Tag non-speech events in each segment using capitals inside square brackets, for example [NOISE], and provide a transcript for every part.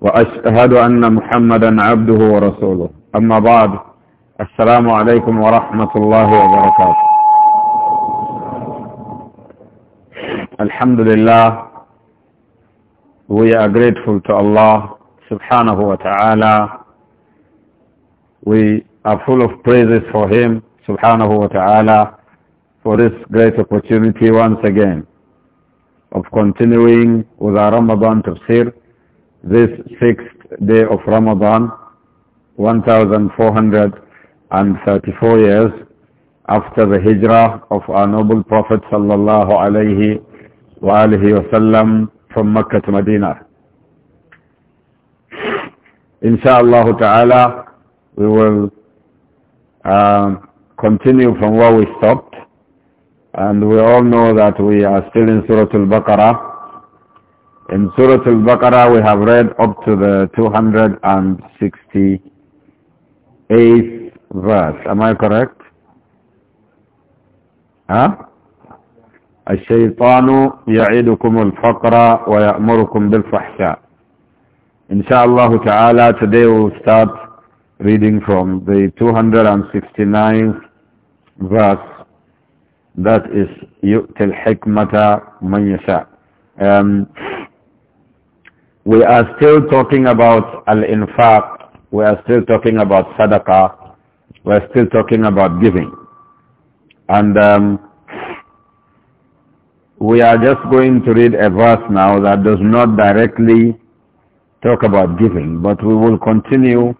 وأشهد أن محمدا عبده ورسوله أما بعد السلام عليكم ورحمة الله وبركاته الحمد لله we are grateful to Allah subhanahu wa ta'ala we are full of praises for him subhanahu wa ta'ala for this great opportunity once again of continuing with our Ramadan tafsir this sixth day of Ramadan, 1434 years after the hijrah of our noble Prophet sallallahu alaihi wasallam from Mecca to Medina. Insha'Allah ta'ala, we will uh, continue from where we stopped. And we all know that we are still in Surah Al-Baqarah in Surah Al-Baqarah, we have read up to the 268th verse. Am I correct? Huh? الشيطان يعيدكم الفقر ويأمركم بالفحشاء. Inshallah ta'ala, today we'll start reading from the 269th verse. That is يؤتي الحكمة من يشاء. Um, we are still talking about al-infaq. We are still talking about sadaqah. We are still talking about giving. And um, we are just going to read a verse now that does not directly talk about giving, but we will continue.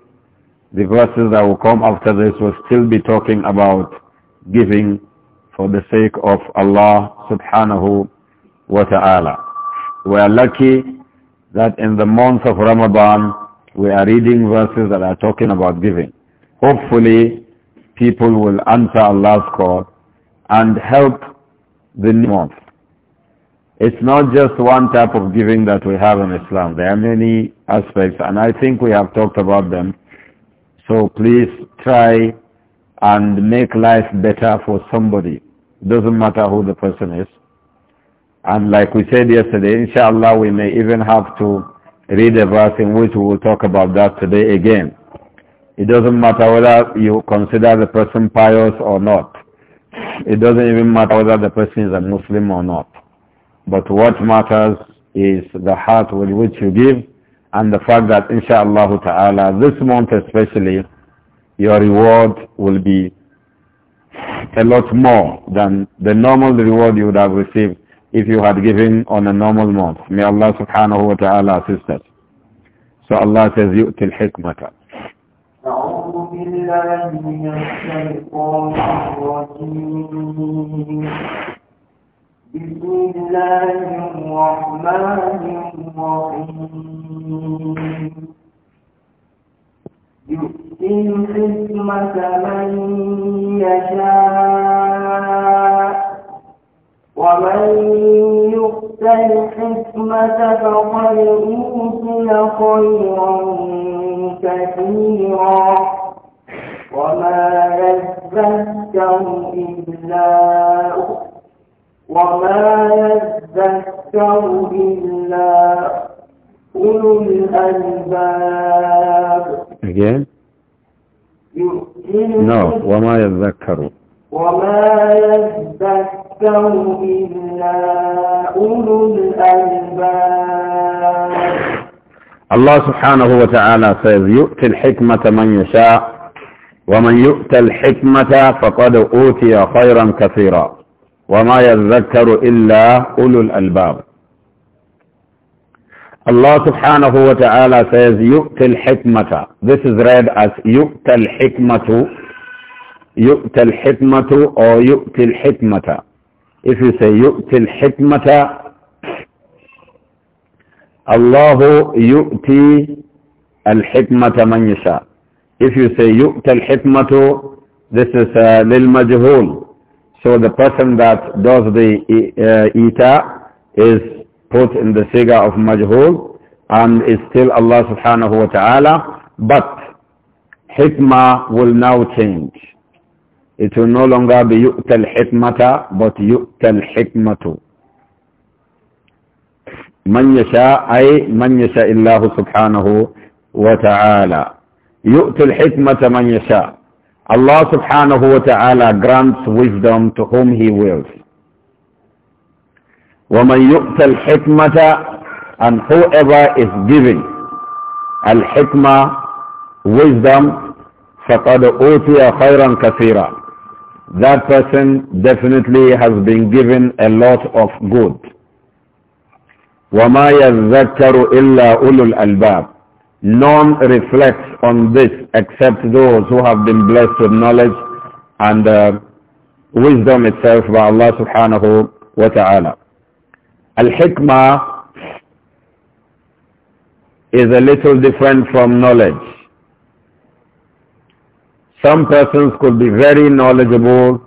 The verses that will come after this will still be talking about giving for the sake of Allah subhanahu wa ta'ala. We are lucky that in the month of Ramadan, we are reading verses that are talking about giving. Hopefully, people will answer Allah's call and help the new month. It's not just one type of giving that we have in Islam. There are many aspects, and I think we have talked about them. So please try and make life better for somebody. It doesn't matter who the person is. And like we said yesterday, inshallah, we may even have to read a verse in which we will talk about that today again. It doesn't matter whether you consider the person pious or not. It doesn't even matter whether the person is a Muslim or not. But what matters is the heart with which you give and the fact that inshallah ta'ala this month especially your reward will be a lot more than the normal reward you would have received if you had given on a normal month. May Allah subhanahu wa ta'ala assist us. So Allah says, يُؤْتِ الْحِكْمَةَ أعوذ بالله يؤتي الحكمة من يشاء ومن يؤت الحكمة فقد أوتي خيرا كثيرا وما يذكر إلا وما يذكر إلا أولو الألباب Again? No, وما يذكر وما يذكر إلا أولو الألباب الله سبحانه وتعالى يؤتي الحكمة من يشاء ومن يؤت الحكمة فقد أوتي خيرا كثيرا وما يذكر إلا أولو الألباب الله سبحانه وتعالى says, يؤتي الحكمة This is read as يؤتي الحكمة يؤتي الحكمة أو يؤتي الحكمة If you say yu'til hikmata, Allahu yu'ti al-hikmata man yasha. If you say yu'tal hikmatu, this is uh, lil majhul. So the person that does the uh, is put in the siga of majhul and is still Allah subhanahu wa ta'ala. But hikmah will now change. It will no longer be yu'tal hikmata, but yu'tal hikmatu. من يشاء أي من يشاء الله سبحانه وتعالى يؤت الحكمة من يشاء الله سبحانه وتعالى grants wisdom to whom he wills ومن يؤت الحكمة and whoever is giving الحكمة wisdom فقد أوتي خيرا كثيرا that person definitely has been given a lot of good. وَمَا يَذَّكَّرُ إِلَّا أُولُو الْأَلْبَابِ None reflects on this except those who have been blessed with knowledge and uh, wisdom itself by Allah subhanahu wa ta'ala. Al-hikmah is a little different from knowledge. Some persons could be very knowledgeable,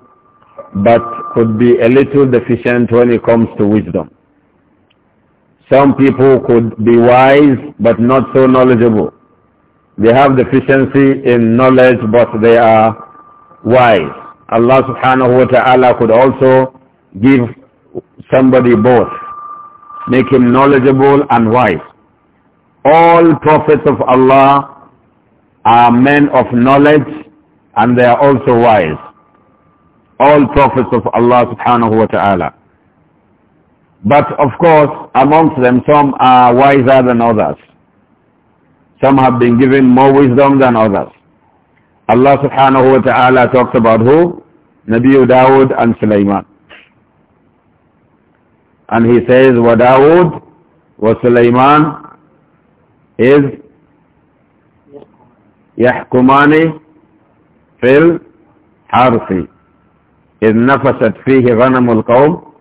but could be a little deficient when it comes to wisdom. Some people could be wise, but not so knowledgeable. They have deficiency in knowledge, but they are wise. Allah subhanahu wa ta'ala could also give somebody both, make him knowledgeable and wise. All prophets of Allah are men of knowledge and they are also wise. All prophets of Allah subhanahu wa ta'ala. But of course, amongst them some are wiser than others. Some have been given more wisdom than others. Allah subhanahu wa ta'ala talks about who? Nabi Dawood and Sulaiman. And he says, وَدَاوُدْ وَسُلَيْمَانْ is يَحْكُمَانِ في الحرث إذ نفست فيه غنم القوم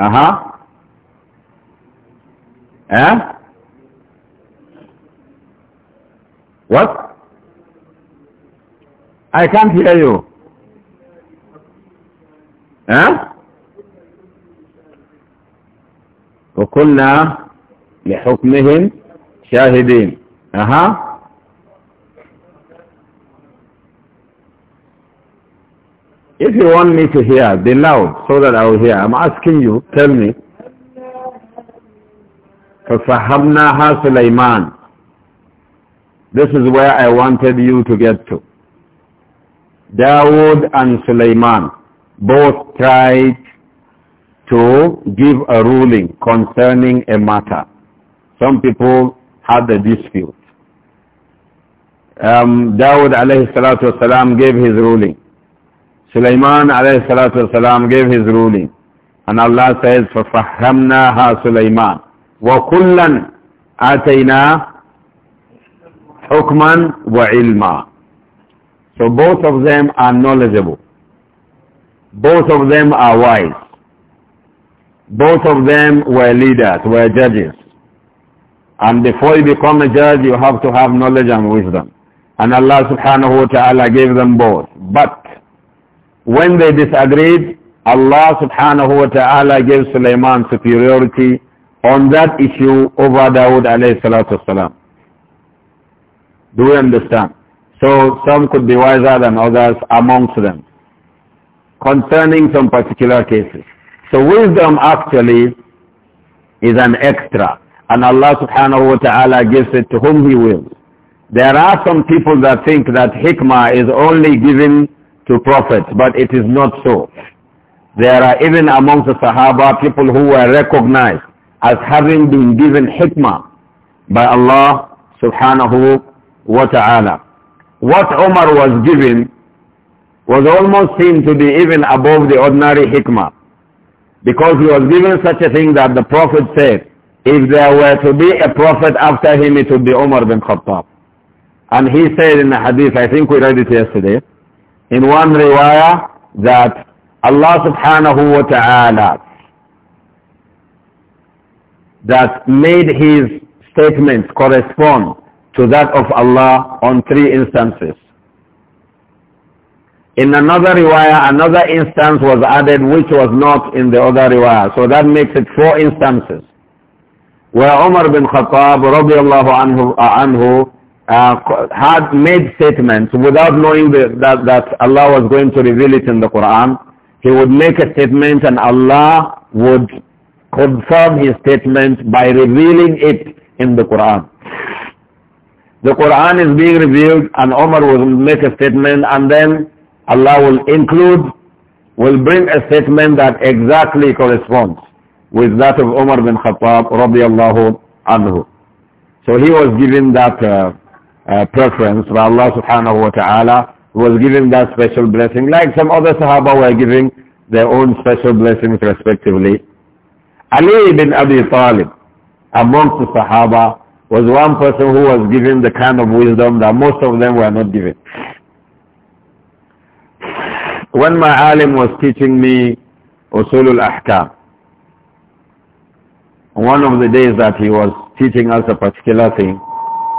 أها أه What? I can't hear you. ها أه؟ وكنا لحكمهم شاهدين أها If you want me to hear, be loud so that I will hear. I'm asking you, tell me. فَفَهَمْنَاهَا سُلَيْمَانَ This is where I wanted you to get to. Dawood and Sulaiman both tried to give a ruling concerning a matter. Some people had a dispute. Um, Dawood alayhi salatu wasalam gave his ruling. Sulaiman alayhi salatu wasalam gave his ruling. And Allah says, فَفَحَّمْنَاهَا سُلَيْمَانَ وَكُلًّا آتَيْنَا حُكْمًا وَعِلْمًا So both of them are knowledgeable. Both of them are wise. Both of them were leaders, were judges. And before you become a judge, you have to have knowledge and wisdom. And Allah subhanahu wa ta'ala gave them both. But when they disagreed, Allah subhanahu wa ta'ala gave Sulaiman superiority on that issue over Dawood alayhi salatu salam. Do we understand? So some could be wiser than others amongst them concerning some particular cases. So wisdom actually is an extra and Allah subhanahu wa ta'ala gives it to whom he wills. There are some people that think that hikmah is only given to prophets, but it is not so. There are even amongst the Sahaba people who were recognized as having been given hikmah by Allah subhanahu wa ta'ala. What Omar was given was almost seen to be even above the ordinary hikmah because he was given such a thing that the Prophet said, if there were to be a prophet after him, it would be Omar bin Khattab. And he said in the hadith, I think we read it yesterday, in one riwayah that Allah subhanahu wa ta'ala that made his statements correspond to that of Allah on three instances. In another riwayah, another instance was added which was not in the other riwayah. So that makes it four instances. Where Umar bin Khattab radiallahu anhu, uh, anhu uh, had made statements without knowing the, that, that Allah was going to reveal it in the Quran, he would make a statement and Allah would confirm his statement by revealing it in the Quran. The Quran is being revealed and Omar will make a statement and then Allah will include, will bring a statement that exactly corresponds with that of Omar bin Khattab radiallahu anhu. So he was given that uh, uh, preference by Allah subhanahu wa ta'ala was given that special blessing like some other Sahaba were giving their own special blessings respectively. Ali ibn Abi Talib amongst the Sahaba was one person who was given the kind of wisdom that most of them were not given. When my alim was teaching me Usulul Ahkam, one of the days that he was teaching us a particular thing,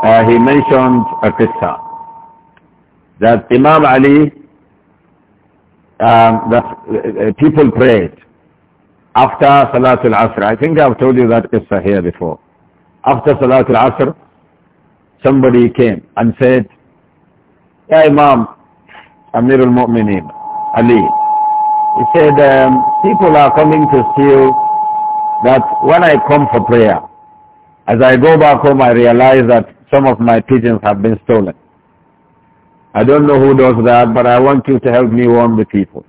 uh, he mentioned a qissa that Imam Ali, um, that uh, people prayed after Salatul Asr. I think I've told you that qissa here before. After Salatul Asr, somebody came and said, Ya Imam, Amir al-Mu'mineen, Ali, he said, um, people are coming to steal that when I come for prayer, as I go back home, I realize that some of my pigeons have been stolen. I don't know who does that, but I want you to help me warn the people.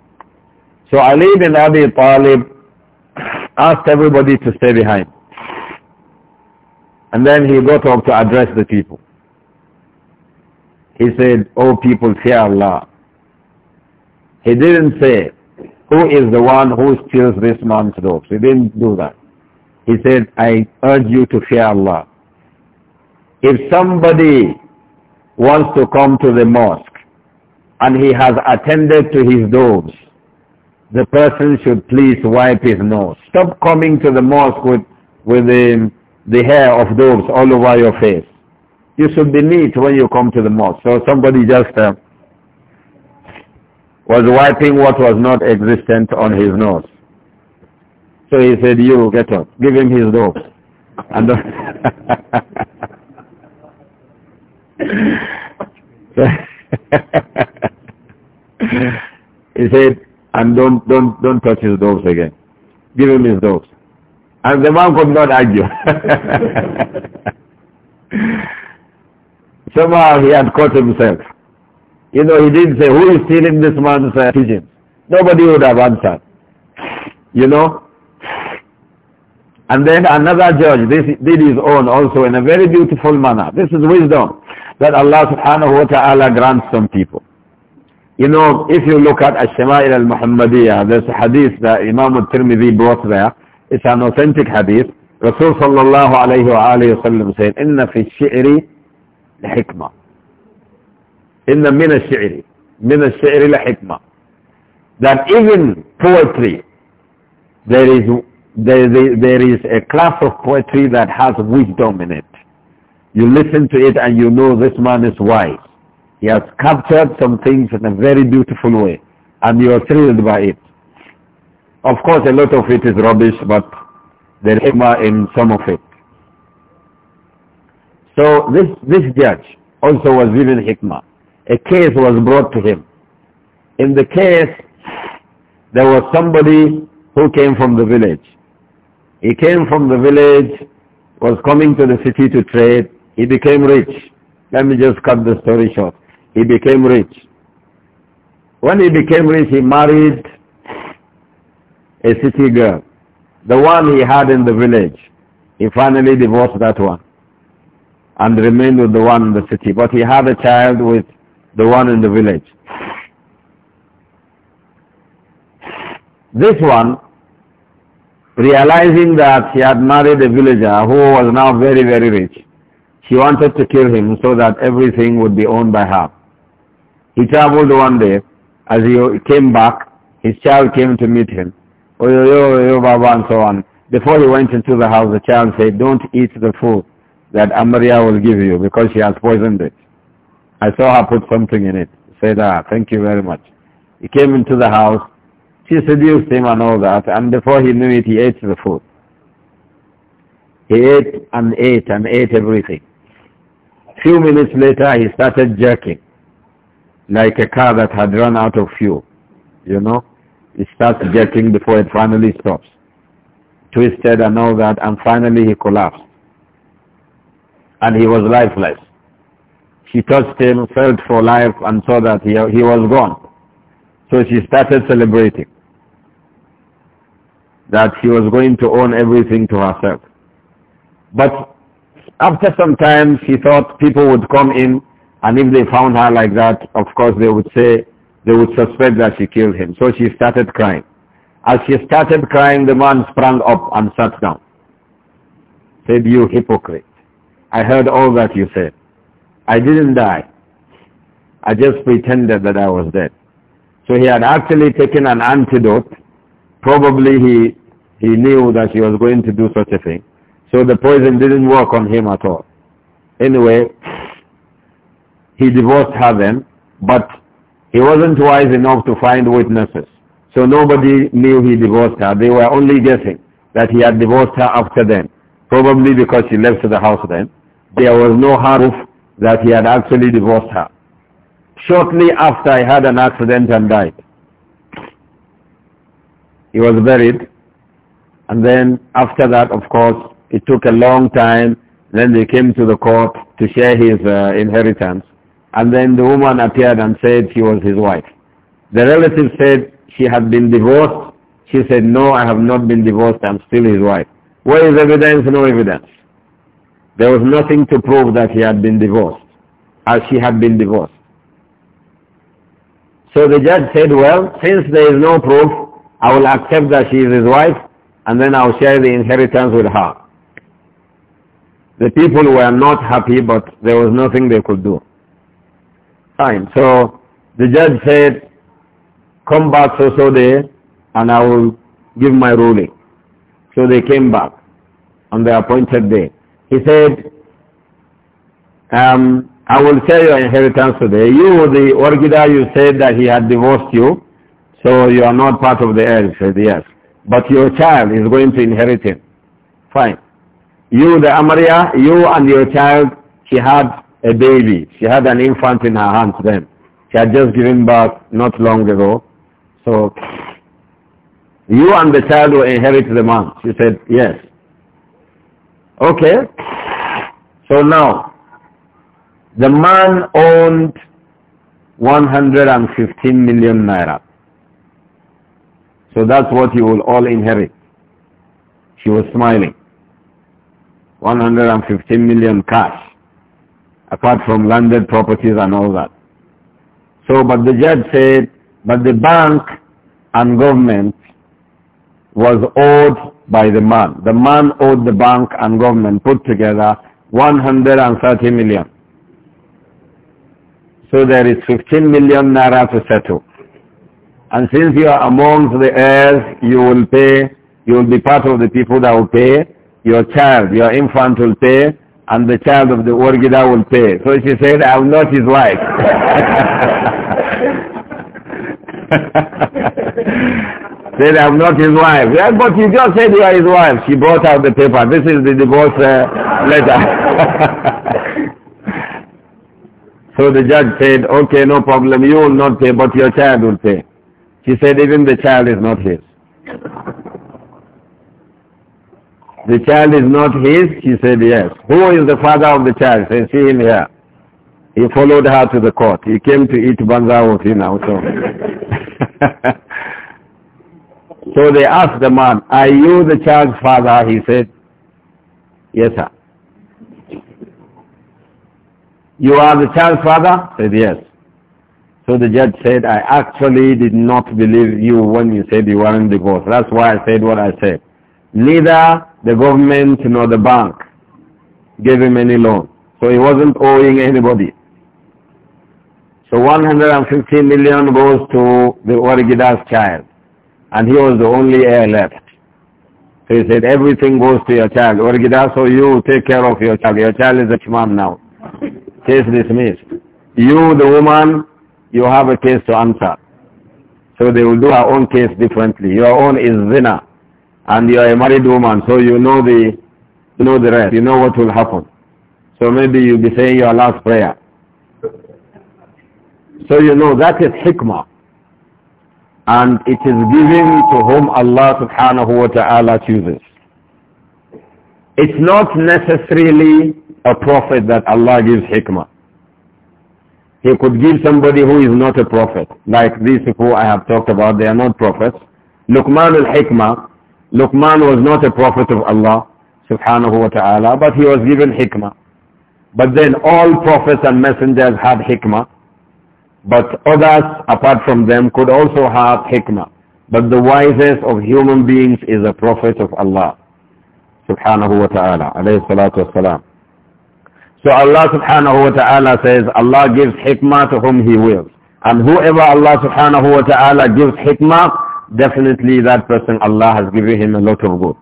So Ali bin Abi Talib asked everybody to stay behind. And then he got up to address the people. He said, "O oh people, fear Allah. He didn't say, who is the one who steals this man's robes? He didn't do that. He said, I urge you to fear Allah. If somebody wants to come to the mosque and he has attended to his doves, the person should please wipe his nose. Stop coming to the mosque with, with the, the hair of doves all over your face. You should be neat when you come to the mosque. So somebody just uh, was wiping what was not existent on his nose. So he said, you get up. Give him his doves." And [LAUGHS] [LAUGHS] he said, and don't, don't, don't touch his doves again. Give him his doves. And the man could not argue. [LAUGHS] Somehow he had caught himself. You know, he didn't say, who is stealing this man's uh, pigeons? Nobody would have answered. You know? And then another judge this did his own also in a very beautiful manner. This is wisdom that Allah subhanahu wa ta'ala grants some people. You know, if you look at Ash-Shama'il al-Muhammadiyah, there's a hadith that Imam al-Tirmidhi brought there. It's an authentic hadith. Rasul sallallahu alayhi wa alayhi wa sallam said, إِنَّ فِي الشِّعْرِ لِحِكْمَةً إِنَّ مِنَ الشِّعْرِ مِنَ الشِّعْرِ لِحِكْمَةً That even poetry, there is, there, there, there is a class of poetry that has wisdom in it. You listen to it and you know this man is wise. He has captured some things in a very beautiful way and you are thrilled by it. Of course, a lot of it is rubbish, but there is hikmah in some of it. So this, this judge also was given hikmah. A case was brought to him. In the case, there was somebody who came from the village. He came from the village, was coming to the city to trade, he became rich. Let me just cut the story short. He became rich. When he became rich, he married a city girl. The one he had in the village. He finally divorced that one and remained with the one in the city. But he had a child with the one in the village. This one, realizing that he had married a villager who was now very, very rich, she wanted to kill him so that everything would be owned by her. He traveled one day. As he came back, his child came to meet him. Oh, yo, yo, Baba, and so on. Before he went into the house, the child said, don't eat the food that Amaria will give you because she has poisoned it. I saw her put something in it. Said, ah, thank you very much. He came into the house. She seduced him and all that. And before he knew it, he ate the food. He ate and ate and ate everything. Few minutes later, he started jerking, like a car that had run out of fuel. You know, it starts jerking before it finally stops. Twisted and all that, and finally he collapsed. And he was lifeless. She touched him, felt for life, and saw that he, he was gone. So she started celebrating that she was going to own everything to herself. But after some time, she thought people would come in, and if they found her like that, of course they would say, they would suspect that she killed him. So she started crying. As she started crying, the man sprang up and sat down. Said, you hypocrite. I heard all that you said. I didn't die. I just pretended that I was dead. So he had actually taken an antidote. Probably he, he knew that she was going to do such a thing. So the poison didn't work on him at all. Anyway, he divorced her then, but he wasn't wise enough to find witnesses. So nobody knew he divorced her. They were only guessing that he had divorced her after then, probably because she left the house then. There was no proof that he had actually divorced her. Shortly after he had an accident and died. He was buried. And then after that, of course, it took a long time. Then they came to the court to share his uh, inheritance. And then the woman appeared and said she was his wife. The relative said she had been divorced. She said, no, I have not been divorced. I'm still his wife. Where is evidence? No evidence. There was nothing to prove that he had been divorced, as she had been divorced. So the judge said, well, since there is no proof, I will accept that she is his wife, and then I will share the inheritance with her. The people were not happy, but there was nothing they could do. Fine. So the judge said, come back so so day, and I will give my ruling. So they came back on the appointed day. He said, um, I will share your inheritance today. You, the Orgida, you said that he had divorced you, so you are not part of the heir. He said, yes. But your child is going to inherit it. Fine. You, the Amaria, you and your child, she had a baby. She had an infant in her hands then. She had just given birth not long ago. So, you and the child will inherit the man. She said, yes. Okay. So now, the man owned 115 million naira. So that's what you will all inherit. She was smiling. 115 million cash, apart from landed properties and all that. So, but the judge said, but the bank and government was owed by the man. The man owed the bank and government put together 130 million. So there is 15 million naira to settle. And since you are amongst the heirs, you will pay, you will be part of the people that will pay your child, your infant will pay, and the child of the Orgida will pay. So she said, I'm not his wife. [LAUGHS] said, I'm not his wife. Yeah, but you just said you are his wife. She brought out the paper. This is the divorce uh, letter. [LAUGHS] so the judge said, okay, no problem. You will not pay, but your child will pay. She said, even the child is not his. The child is not his? She said, yes. Who is the father of the child? "Say, see him here. He followed her to the court. He came to eat banza with him also. so they asked the man, are you the child's father? He said, yes, sir. You are the child's father? He said, yes. So the judge said, I actually did not believe you when you said you weren't divorced. That's why I said what I said. Neither the government nor the bank gave him any loan. So he wasn't owing anybody. So 150 million goes to the Warigida's child. And he was the only heir left. So he said, everything goes to your child. Wargida, so you take care of your child. Your child is a imam now. Case dismissed. You, the woman, you have a case to answer. So they will do our own case differently. Your own is zina and you are a married woman, so you know the you know the rest. You know what will happen. So maybe you'll be saying your last prayer. So you know that is hikmah. And it is given to whom Allah subhanahu wa ta'ala chooses. It's not necessarily a prophet that Allah gives hikmah. He could give somebody who is not a prophet. Like these people I have talked about, they are not prophets. Luqman al-Hikmah Luqman was not a prophet of Allah subhanahu wa ta'ala, but he was given hikmah. But then all prophets and messengers had hikmah. But others apart from them could also have hikmah. But the wisest of human beings is a prophet of Allah. Subhanahu wa ta'ala. Alayhi salatu wasalam. So Allah subhanahu wa ta'ala says, Allah gives hikmah to whom he wills. And whoever Allah subhanahu wa ta'ala gives hikmah, definitely that person Allah has given him a lot of good.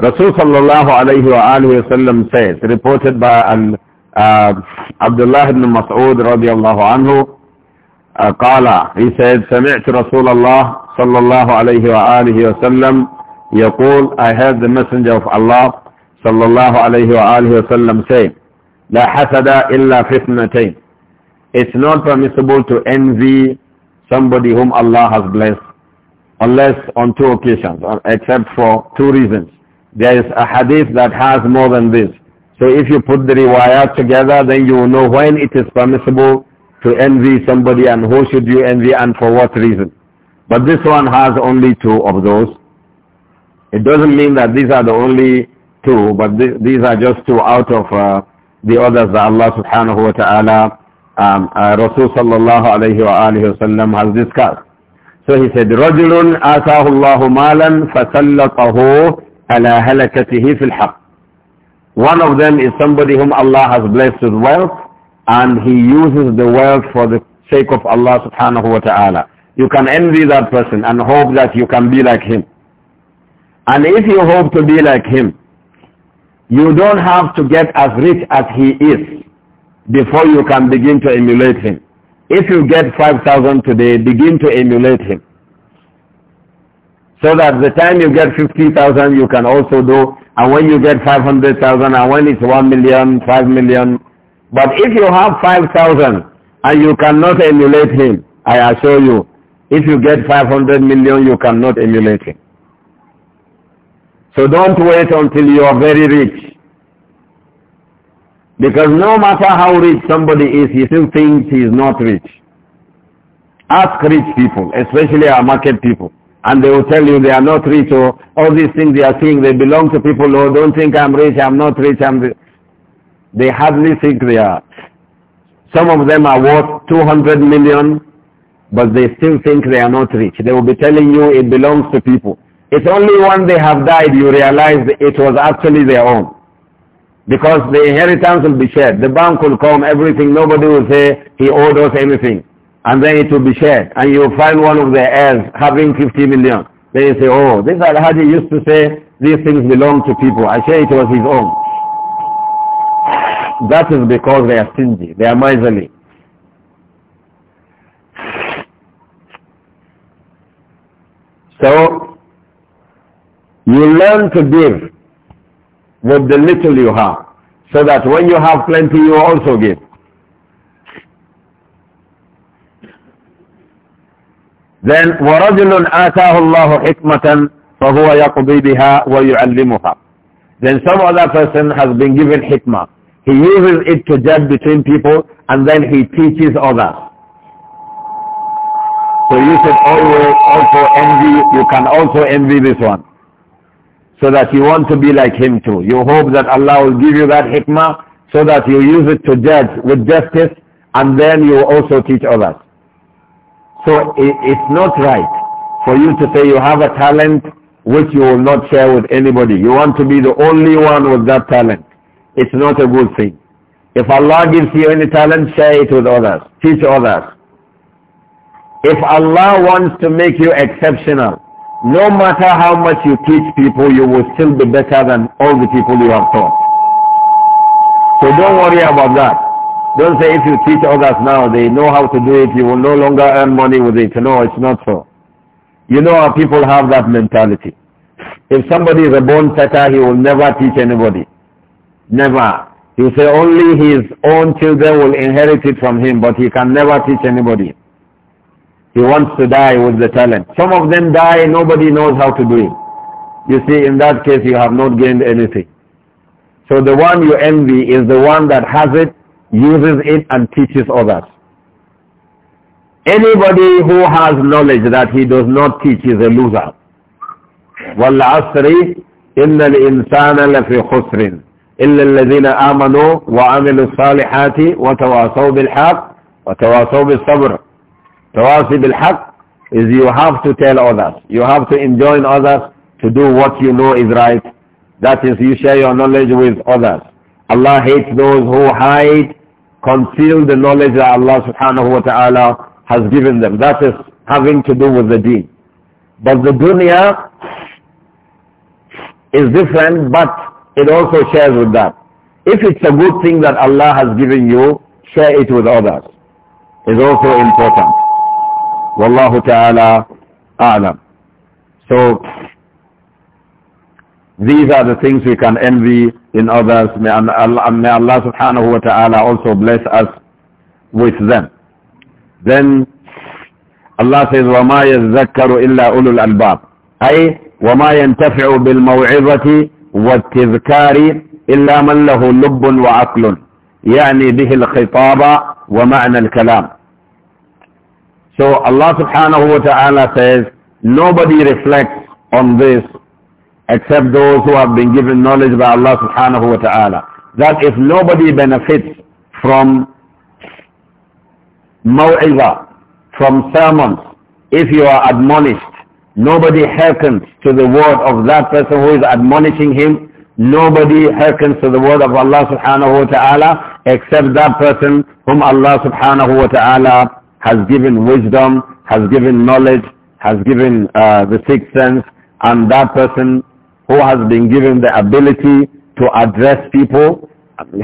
Rasul sallallahu alayhi wa alayhi wa says, reported by al, uh, Abdullah ibn Mas'ud radiallahu anhu, uh, he said, سمعت رسول الله صلى الله عليه وآله وسلم يقول, I heard the messenger of Allah صلى الله عليه وآله وسلم say, لا حسد إلا في It's not permissible to envy somebody whom Allah has blessed unless on two occasions, uh, except for two reasons. There is a hadith that has more than this. So if you put the riwayat together, then you will know when it is permissible to envy somebody and who should you envy and for what reason. But this one has only two of those. It doesn't mean that these are the only two, but th these are just two out of uh, the others that Allah subhanahu wa ta'ala, um, uh, Rasul sallallahu alayhi wa alayhi wa sallam has discussed. So he said, رَجُلٌ آتَاهُ اللَّهُ مَالًا فَسَلَّطَهُ عَلَى هَلَكَتِهِ فِي الْحَقِّ One of them is somebody whom Allah has blessed with wealth and he uses the wealth for the sake of Allah subhanahu wa ta'ala. You can envy that person and hope that you can be like him. And if you hope to be like him, you don't have to get as rich as he is before you can begin to emulate him. If you get 5,000 today, begin to emulate him. So that the time you get 50,000, you can also do, and when you get 500,000, and when it's 1 million, 5 million. But if you have 5,000 and you cannot emulate him, I assure you, if you get 500 million, you cannot emulate him. So don't wait until you are very rich. Because no matter how rich somebody is, he still thinks he is not rich. Ask rich people, especially our market people, and they will tell you they are not rich or all these things they are saying, they belong to people who don't think I'm rich, I'm not rich, I'm... Rich. They hardly think they are. Some of them are worth 200 million, but they still think they are not rich. They will be telling you it belongs to people. It's only when they have died you realize it was actually their own. Because the inheritance will be shared. The bank will come, everything, nobody will say, he owed us anything. And then it will be shared. And you find one of the heirs having 50 million. They say, oh, this Al-Hadi used to say, these things belong to people. I say it was his own. That is because they are stingy. They are miserly. So, you learn to give with the little you have, so that when you have plenty, you also give. Then وَرَجُلٌ آتَاهُ اللَّهُ حِكْمَةً فَهُوَ يَقْضِي بِهَا وَيُعَلِّمُهَا Then some other person has been given hikmah. He uses it to judge between people and then he teaches others. So you should always also envy, you can also envy this one so that you want to be like him too. You hope that Allah will give you that hikmah so that you use it to judge with justice and then you also teach others. So it, it's not right for you to say you have a talent which you will not share with anybody. You want to be the only one with that talent. It's not a good thing. If Allah gives you any talent, share it with others. Teach others. If Allah wants to make you exceptional, no matter how much you teach people, you will still be better than all the people you have taught. So don't worry about that. Don't say if you teach others now, they know how to do it, you will no longer earn money with it. No, it's not so. You know how people have that mentality. If somebody is a born setter, he will never teach anybody. Never. He will say only his own children will inherit it from him, but he can never teach anybody. He wants to die with the talent. Some of them die, nobody knows how to do it. You see, in that case, you have not gained anything. So the one you envy is the one that has it, uses it, and teaches others. Anybody who has knowledge that he does not teach is a loser. وَالْعَصْرِ إِنَّ الْإِنسَانَ لَفِي خُسْرٍ إِلَّا الَّذِينَ آمَنُوا وَعَمِلُوا الصَّالِحَاتِ وَتَوَاصَوْا بِالْحَقِّ وَتَوَاصَوْا بِالصَّبْرِ Tawasi bil haq is you have to tell others. You have to enjoin others to do what you know is right. That is, you share your knowledge with others. Allah hates those who hide, conceal the knowledge that Allah subhanahu wa ta'ala has given them. That is having to do with the deen. But the dunya is different, but it also shares with that. If it's a good thing that Allah has given you, share it with others. It's also important. Wallahu ta'ala a'lam. So, these are the things we can envy in others. May Allah, may Allah subhanahu wa ta'ala also bless us with them. Then Allah says, وَمَا يَذَّكَّرُ إِلَّا أُولُو الْأَلْبَابِ أي وَمَا يَنْتَفِعُ بِالْمَوْعِظَةِ وَالتِّذْكَارِ إِلَّا مَنْ لَهُ wa وَعَقْلٌ يعني به الخطاب ومعنى الكلام so Allah subhanahu wa ta'ala says, nobody reflects on this except those who have been given knowledge by Allah subhanahu wa ta'ala. That if nobody benefits from maw'iza, from sermons, if you are admonished, nobody hearkens to the word of that person who is admonishing him, nobody hearkens to the word of Allah subhanahu wa ta'ala except that person whom Allah subhanahu wa ta'ala has given wisdom, has given knowledge, has given uh, the sixth sense, and that person who has been given the ability to address people,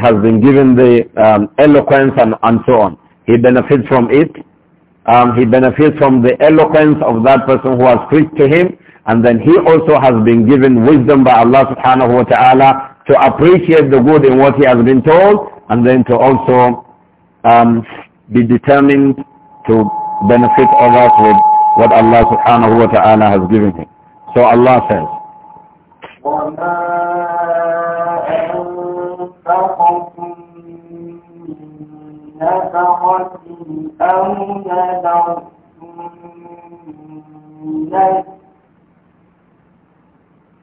has been given the um, eloquence and, and so on. He benefits from it. Um, he benefits from the eloquence of that person who has preached to him. And then he also has been given wisdom by Allah subhanahu wa ta'ala to appreciate the good in what he has been told and then to also um, be determined to benefit others with what Allah subhanahu wa ta'ala has given him. So Allah says,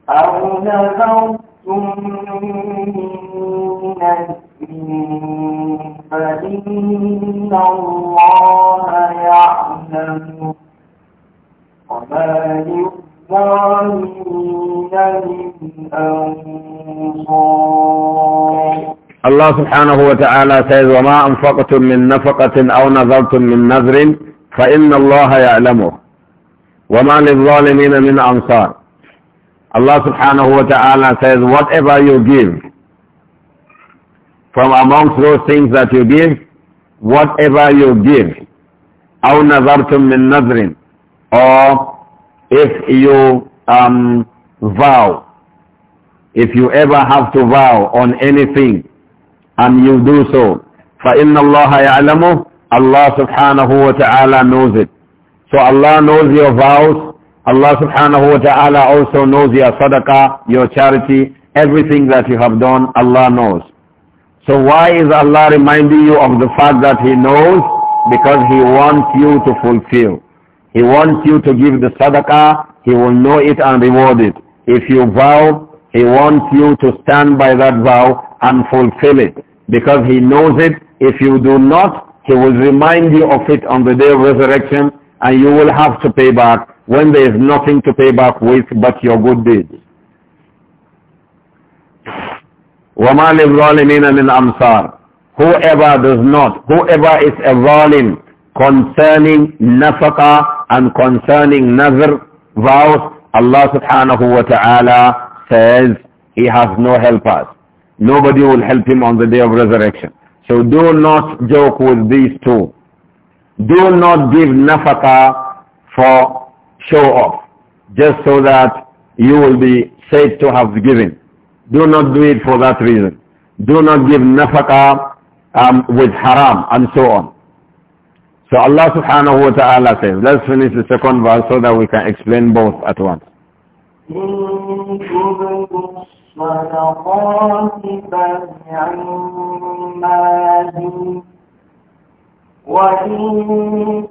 أو نذرتم فإن الله يعلم وما للظالمين من أنصار الله سبحانه وتعالى says وما أنفقتم من نفقة أو نذرتم من نذر فإن الله يعلمه وما للظالمين من أنصار Allah subhanahu wa ta'ala says, whatever you give, from amongst those things that you give, whatever you give, أَوْ نَذَرْتُم مِّن azharin, Or if you um, vow, if you ever have to vow on anything, and you do so, فَإِنَّ اللَّهَ يَعْلَمُهُ Allah subhanahu wa ta'ala knows it. So Allah knows your vows, Allah subhanahu wa ta'ala also knows your sadaqah, your charity, everything that you have done, Allah knows. So why is Allah reminding you of the fact that He knows? Because He wants you to fulfill. He wants you to give the sadaqah, He will know it and reward it. If you vow, He wants you to stand by that vow and fulfill it. Because He knows it. If you do not, He will remind you of it on the day of resurrection and you will have to pay back when there is nothing to pay back with but your good deeds. وَمَا لِلظَّالِمِينَ مِنْ أَمْصَارٍ Whoever does not, whoever is a zalim concerning nafaqah and concerning nazar vows, Allah subhanahu wa ta'ala says he has no helpers. Nobody will help him on the day of resurrection. So do not joke with these two. Do not give nafaqah for show off just so that you will be said to have given. Do not do it for that reason. Do not give nafaqa um, with haram and so on. So Allah subhanahu wa ta'ala says, let's finish the second verse so that we can explain both at once. وإن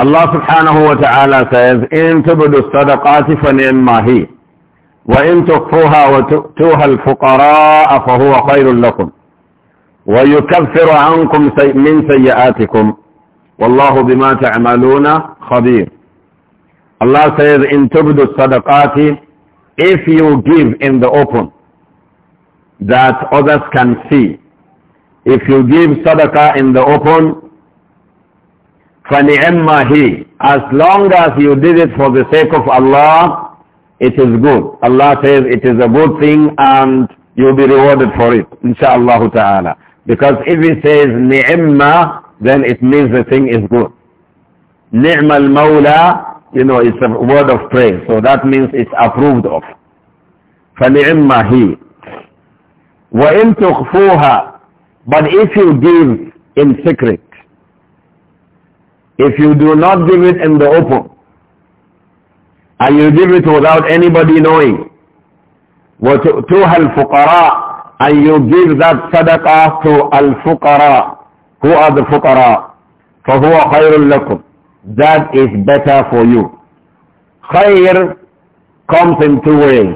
Allah subhanahu wa ta'ala says, إِن تبدو الصَّدَقَاتِ ما هِيَ وَإِن تُخْفُوهَا وَتُؤْتُوهَا الْفُقَرَاءَ فَهُوَ خَيْرٌ لَكُمْ وَيُكَفِّرُ عَنْكُمْ مِنْ سَيِّئَاتِكُمْ وَاللَّهُ بِمَا تَعْمَلُونَ خَبِيرٌ Allah says, إِن تبدو الصَّدَقَاتِ If you give in the open, that others can see. If you give sadaqah in the open, فَنِعِمَّا As long as you did it for the sake of Allah, it is good. Allah says it is a good thing and you'll be rewarded for it, inshaAllah ta'ala. Because if he says ni'imma, then it means the thing is good. Ni'ma al-mawla, you know, it's a word of praise. So that means it's approved of. فَنِعِمَّا هِي وَإِن تُخْفُوهَا But if you give in secret, if you do not give it in the open, and you give it without anybody knowing, وَتُؤْتُوهَا الْفُقَرَاءَ And you give that sadaqah to al-fuqara. Who are the fuqara? فَهُوَ خَيْرٌ لَكُمْ That is better for you. Khair comes in two ways.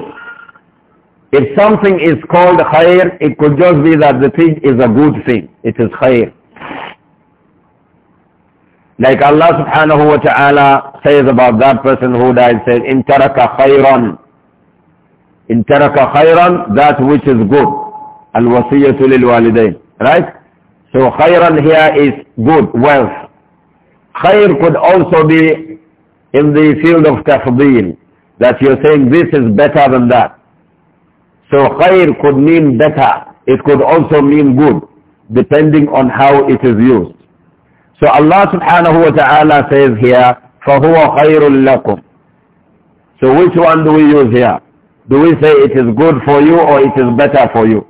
If something is called khair, it could just be that the thing is a good thing. It is khair. Like Allah subhanahu wa ta'ala says about that person who died, says, In taraka khayran. In taraka khayran, that which is good. Al-wasiyatu lil Right? So khayran here is good, wealth. Khayr could also be in the field of tafdeel. That you're saying this is better than that. So khayr could mean better. It could also mean good, depending on how it is used. So Allah subhanahu wa ta'ala says here, فَهُوَ خَيْرٌ لَكُمْ So which one do we use here? Do we say it is good for you or it is better for you?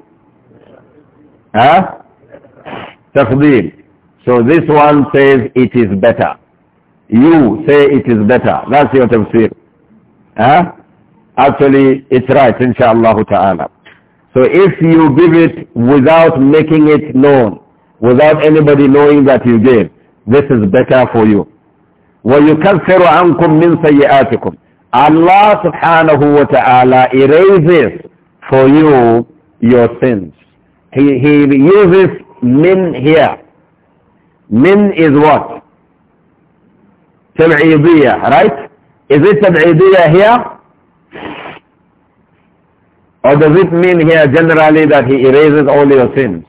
Huh? Tafdeel. So this one says it is better. You say it is better. That's your tafsir. Huh? Actually, it's right, inshallah ta'ala. So if you give it without making it known, without anybody knowing that you gave, this is better for you. وَيُكَفِّرُ عَنْكُمْ مِنْ سَيِّئَاتِكُمْ Allah subhanahu wa ta'ala erases for you your sins. He, he uses min here. Min is what? Tab'idiyya, right? Is it tab'idiyya here? Or does it mean here generally that he erases all your sins?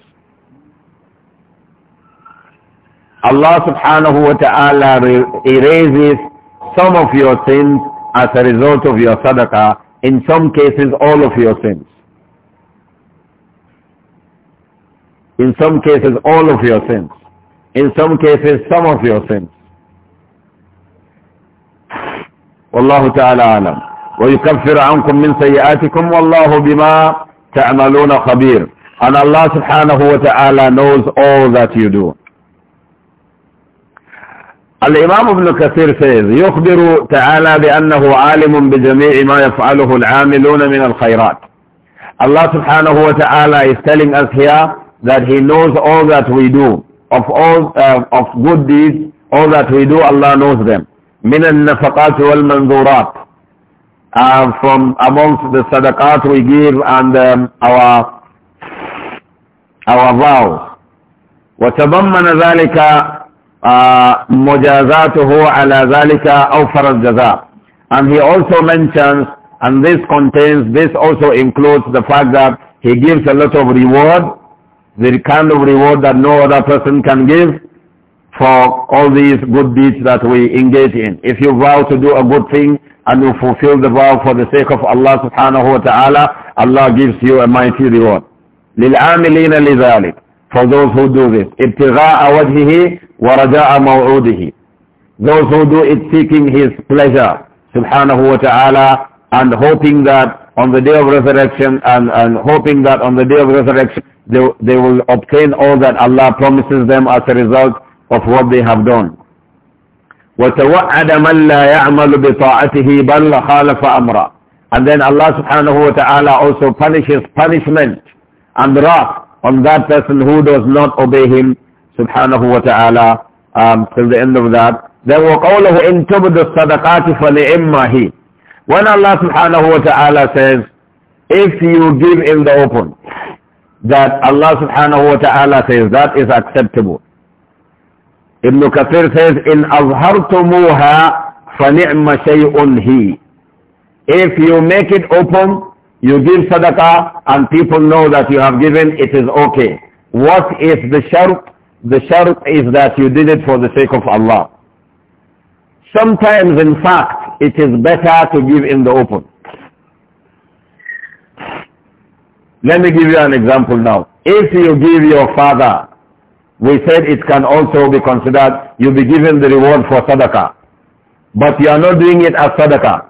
Allah subhanahu wa ta'ala erases some of your sins as a result of your sadaqah, in some cases all of your sins. In some cases all of your sins. In some cases some of your sins. والله تعالى أعلم ويكفر عنكم من سيئاتكم والله بما تعملون خبير and Allah subhanahu wa ta'ala knows all that you do الإمام ابن كثير سيد يخبر تعالى بأنه عالم بجميع ما يفعله العاملون من الخيرات Allah subhanahu wa ta'ala is telling us here that he knows all that we do of all uh, of good deeds all that we do Allah knows them من النفقات والمنظورات uh, from amongst the sadaqat we give and um, our our vows وتضمن ذلك مجازاته على ذلك أوفر الجزاء and he also mentions and this contains this also includes the fact that he gives a lot of reward the kind of reward that no other person can give for all these good deeds that we engage in. If you vow to do a good thing and you fulfill the vow for the sake of Allah subhanahu wa ta'ala, Allah gives you a mighty reward. لِلْعَامِلِينَ لِذَلِكَ for those who do this. ابتغاء وجهه ورجاء موعوده. Those who do it seeking His pleasure, subhanahu wa ta'ala, and hoping that on the day of resurrection, and, and hoping that on the day of resurrection, they, they will obtain all that Allah promises them as a result of what they have done. وتوعد من لا يعمل بطاعته بل خالف أمره and then Allah subhanahu wa ta'ala also punishes punishment and wrath on that person who does not obey him subhanahu wa ta'ala um, till the end of that. Then وَقَوْلَهُ إِن تُبْدُ الصَّدَقَاتِ فَلِئِمَّهِ When Allah subhanahu wa ta'ala says, if you give in the open, that Allah subhanahu wa ta'ala says that is acceptable. Ibn Kathir says, إِن أَظْهَرْتُمُوهَا فَنِعْمَ شَيْءٌ هِي If you make it open, you give sadaqah and people know that you have given, it is okay. What is the shart? The shart is that you did it for the sake of Allah. Sometimes, in fact, it is better to give in the open. Let me give you an example now. If you give your father, we said it can also be considered, you'll be given the reward for sadaqah. But you are not doing it as sadaqah.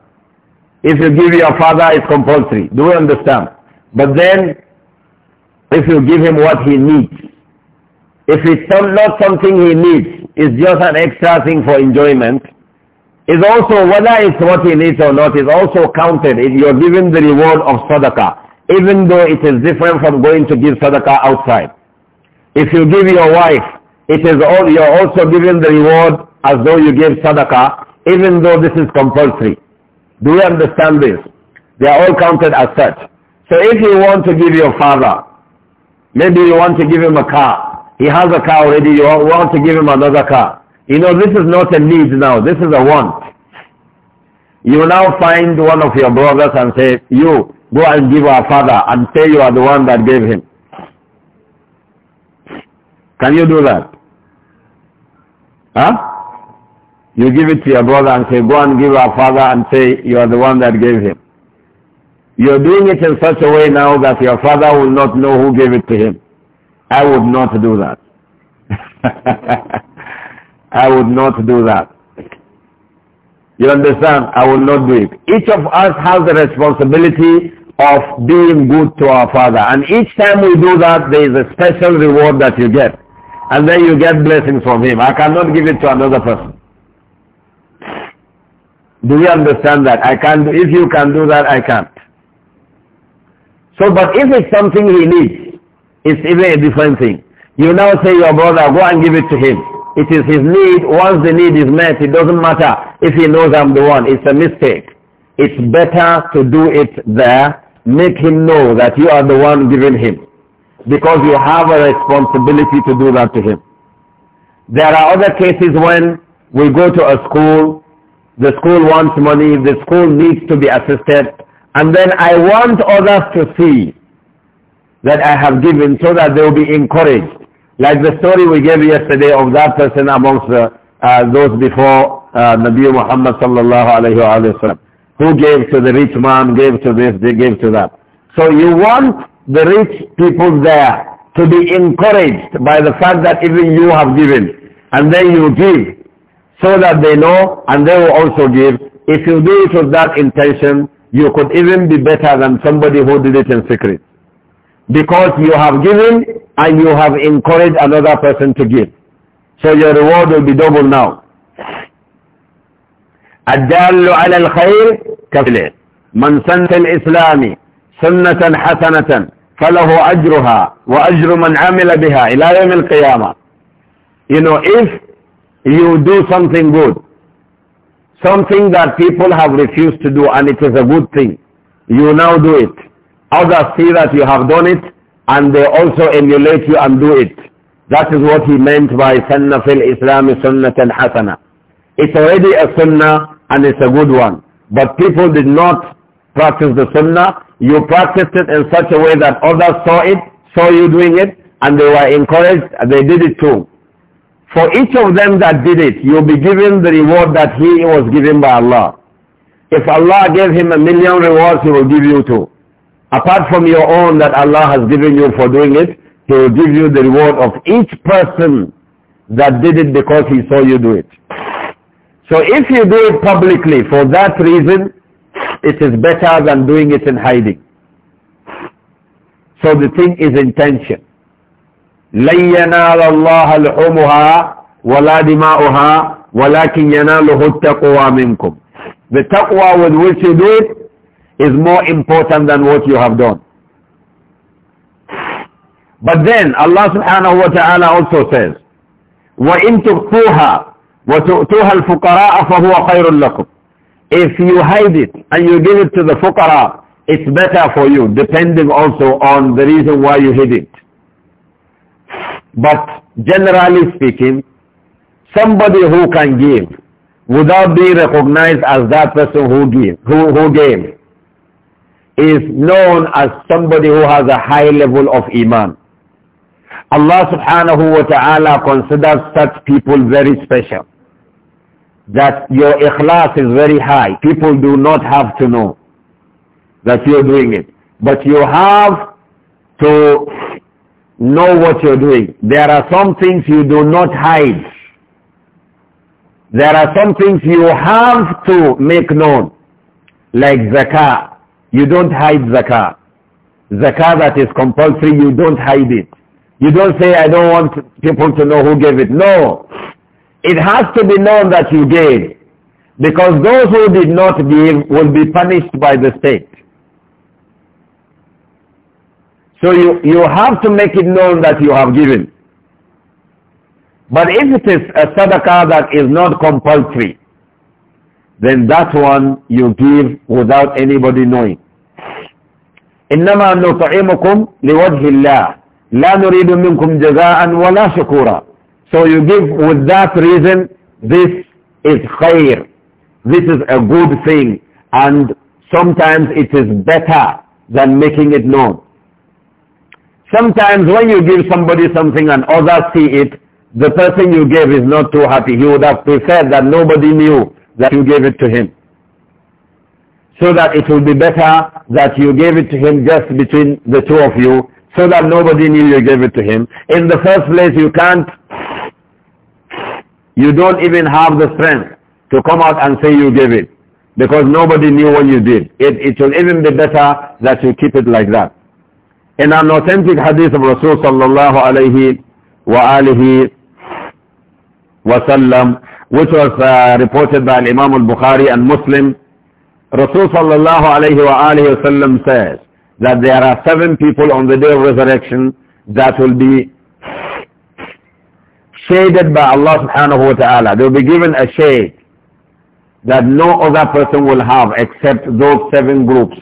If you give your father, it's compulsory. Do you understand? But then, if you give him what he needs, if it's not something he needs, it's just an extra thing for enjoyment, is also, whether it's what he needs or not, is also counted. If you're given the reward of sadaqah, even though it is different from going to give sadaqah outside. If you give your wife, it is all, you're also given the reward as though you gave sadaqah, even though this is compulsory. Do you understand this? They are all counted as such. So if you want to give your father, maybe you want to give him a car. He has a car already, you want to give him another car. You know, this is not a need now, this is a want. You now find one of your brothers and say, you, go and give our father and say you are the one that gave him. Can you do that? Huh? You give it to your brother and say, go and give our father and say, you are the one that gave him. You're doing it in such a way now that your father will not know who gave it to him. I would not do that. [LAUGHS] I would not do that. You understand? I will not do it. Each of us has the responsibility of being good to our father. And each time we do that, there is a special reward that you get. And then you get blessings from him. I cannot give it to another person. Do we understand that? I can't do, if you can do that, I can't. So, but if it's something he needs, it's even a different thing. You now say your brother, go and give it to him. It is his need. Once the need is met, it doesn't matter if he knows I'm the one. It's a mistake. It's better to do it there. Make him know that you are the one giving him. Because you have a responsibility to do that to him. There are other cases when we go to a school the school wants money, the school needs to be assisted, and then I want others to see that I have given so that they will be encouraged. Like the story we gave yesterday of that person amongst the, uh, those before uh, Nabi Muhammad sallallahu alayhi wa sallam, who gave to the rich man, gave to this, they gave to that. So you want the rich people there to be encouraged by the fact that even you have given. And then you give so that they know and they will also give. If you do it with that intention, you could even be better than somebody who did it in secret. Because you have given and you have encouraged another person to give. So your reward will be double now. الدال على الخير كفله من سنة الإسلام سنة حسنة فله أجرها وأجر من عمل بها إلى يوم القيامة. You know, if you do something good. Something that people have refused to do and it is a good thing. You now do it. Others see that you have done it and they also emulate you and do it. That is what he meant by sunnah fil Islam and hasana. It's already a sunnah and it's a good one. But people did not practice the sunnah. You practiced it in such a way that others saw it, saw you doing it, and they were encouraged, they did it too. For each of them that did it, you'll be given the reward that he was given by Allah. If Allah gave him a million rewards, he will give you two. Apart from your own that Allah has given you for doing it, he will give you the reward of each person that did it because he saw you do it. So if you do it publicly for that reason, it is better than doing it in hiding. So the thing is intention. لن ينال الله لحومها ولا دماؤها ولكن يناله التقوى منكم the taqwa with which you do it is more important than what you have done but then Allah subhanahu wa ta'ala also says وَإِن تُخْفُوهَا وَتُؤْتُوهَا الْفُقَرَاءَ فَهُوَ خَيْرٌ لَكُمْ if you hide it and you give it to the fuqara it's better for you depending also on the reason why you hid it but generally speaking, somebody who can give without being recognized as that person who gave, who, who gave is known as somebody who has a high level of iman. Allah subhanahu wa ta'ala considers such people very special. That your ikhlas is very high. People do not have to know that you're doing it. But you have to Know what you're doing. There are some things you do not hide. There are some things you have to make known, like zakah. You don't hide zakah. Zakah that is compulsory, you don't hide it. You don't say, I don't want people to know who gave it. No. It has to be known that you gave. Because those who did not give will be punished by the state. So you, you have to make it known that you have given. But if it is a sadaqah that is not compulsory, then that one you give without anybody knowing. إنما نطعمكم لوجه الله لا نريد منكم جزاء ولا شكورا. So you give with that reason, this is khair. This is a good thing and sometimes it is better than making it known. Sometimes when you give somebody something and others see it, the person you gave is not too happy. He would have preferred that nobody knew that you gave it to him. So that it would be better that you gave it to him just between the two of you, so that nobody knew you gave it to him. In the first place, you can't, you don't even have the strength to come out and say you gave it, because nobody knew what you did. It, it will even be better that you keep it like that in an authentic hadith of Rasulullah sallallahu alayhi wa alihi wasallam, which was uh, reported by Imam al-Bukhari and Muslim, Rasul sallallahu alayhi wa alihi says that there are seven people on the day of resurrection that will be shaded by Allah subhanahu wa ta'ala. They will be given a shade that no other person will have except those seven groups.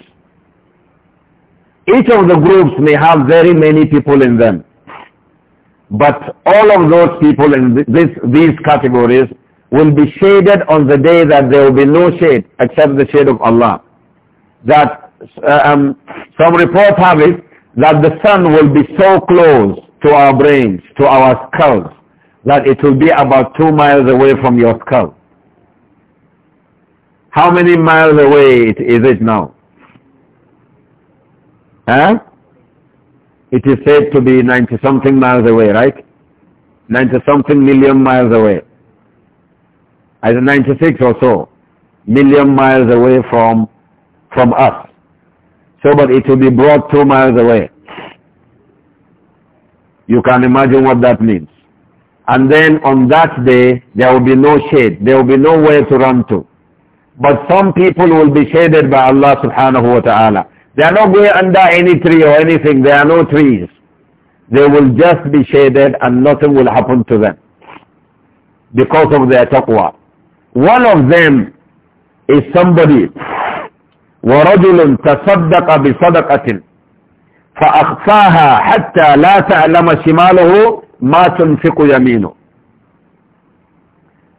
Each of the groups may have very many people in them. But all of those people in this, these categories will be shaded on the day that there will be no shade except the shade of Allah. That uh, um, some report have it that the sun will be so close to our brains, to our skulls, that it will be about two miles away from your skull. How many miles away is it now? Huh? It is said to be 90-something miles away, right? 90-something million miles away. Either 96 or so million miles away from, from us. So, but it will be brought two miles away. You can imagine what that means. And then on that day, there will be no shade. There will be nowhere to run to. But some people will be shaded by Allah subhanahu wa ta'ala. They are not going under any tree or anything. There are no trees. They will just be shaded and nothing will happen to them because of their taqwa. One of them is somebody ورجل تصدق بصدقة فأخفاها حتى لا تعلم شماله ما تنفق يمينه